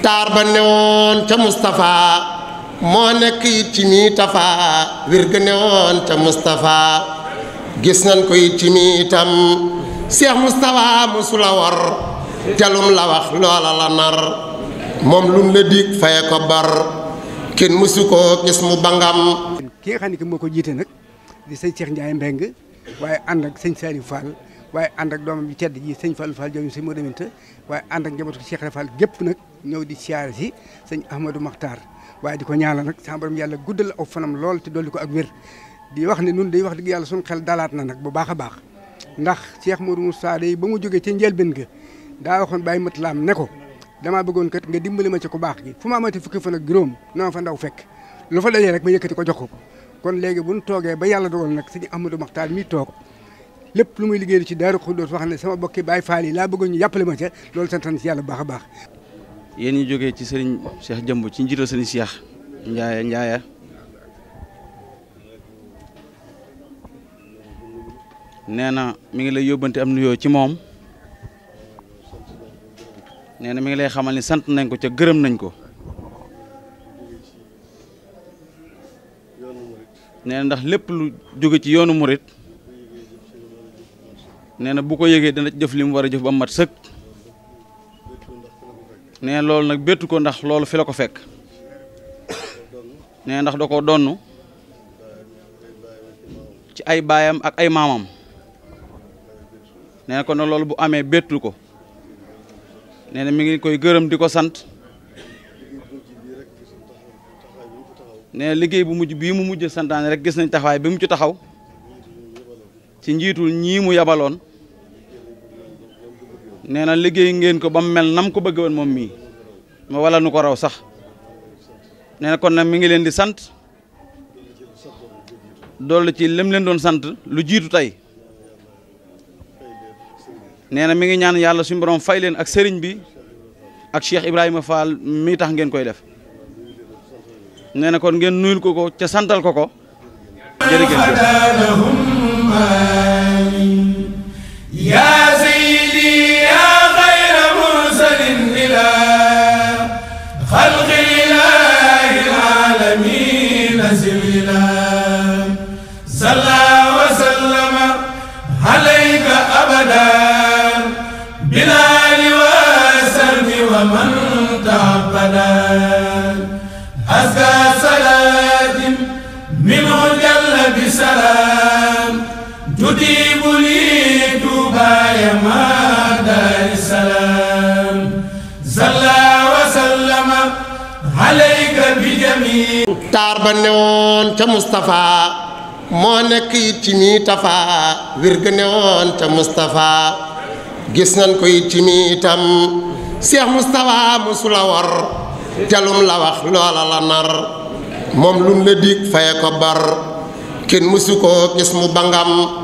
taar ba newoon ca Moustapha moo nekk it ci mii tafa wér ga newoon ca Moustapha gis nan ko it ci mii itam Cheikh Moustapha mosu la war la wax loola la nar moom lum la dig faye ko bar kenn mosu koo gis mu bangam ki nga xam ne moo ko jiite nag di sëñ Cheikh Ndiaye Mbeng waaye ànd ak sëñ Saliou Fall waaye ànd ak doomam bi tedd ji sëñ Fallou Fall jooju sëñ moo deminte waaye ànd ak njabootu Cheikh Fall gépp nag ñëw di siyaare si sëñ Ahmadou Makhtar waaye di ko ñaanal nag sa borom yàlla guddal aw fanam lool te dolli ko ak wér di wax ne nun day wax dëgg yàlla suñu xel dalaat na nag bu baax a baax ndax Cheikh Modou Moussa day ba mu jógee ca njëlbéen ga daa waxoon bàyyi mat laam ne ko damaa bëggoon kat nga dimbali ma ci ku baax gi fu ma amati fukki fan ak juróom na ma fa ndaw fekk lu fa dajee rek ma yëkkati ko jox ko kon léegi bu ñu toogee ba yàlla dogal nag sëñ Ahmadou Makhtar mi toog lépp lu muy liggéey ci Daaru Xuddoos wax ne sama bokki Baay Faal laa bëgg yàppale ma ca loolu santan si a yéen ñu jóge ci sëriñ Cheikh Jëmb ci njiital sëriñ Cheikh Ndiaye Ndiaye nee na mi ngi lay yóbbante am nuyoo ci moom nee na mi ngi lay xamal ni sant nañ ko ca gërëm nañ ko nee ndax lépp lu jóge ci yoonu murit nee na bu ko yëgee dana jëf li mu war a jëf ba mat sëkk nee loolu nag bettu ko ndax loolu fi la ko fekk nee ndax da ko donnu ci ay baayam ak ay maamam nee na kon nag loolu bu amee bettu ko nee na mi ngi koy gërëm di ko sant nee liggéey bu mujj bii mu mujj santaane rek gis nañ taxawaay bi mu ci taxaw ci njiitul ñii mu yabaloon nee na liggéey ngeen ko ba mu mel nam ko bëgg woon moom mii ma walla nu ko raw sax nee kon nag mi ngi leen di sant doolu ci lim leen doon sant lu jiitu tey nee na mi ngi ñaan yàlla suñu fay leen ak sëriñ bi ak Cheikh Ibrahima Fall mii tax ngeen koy def nee na kon ngeen nuyul ko ko ca santal ko ko jërëjëf العالمين سبيلا صلى وسلم عليك أبدا بلال وسلم ومن تعبدا أزكى صلاة منه جل بسلام تجيب لي توبا يا دار السلام صلى taar ba newoon ca Moustapha moo nekk it ci mii tafa wér ga newoon ca Moustapha gis nañ ko it ci mii itam Cheikh Moustapha mosula war jalum la wax loola la nar moom lun la dig faye ko bar kenn mosu ko gis mu bangam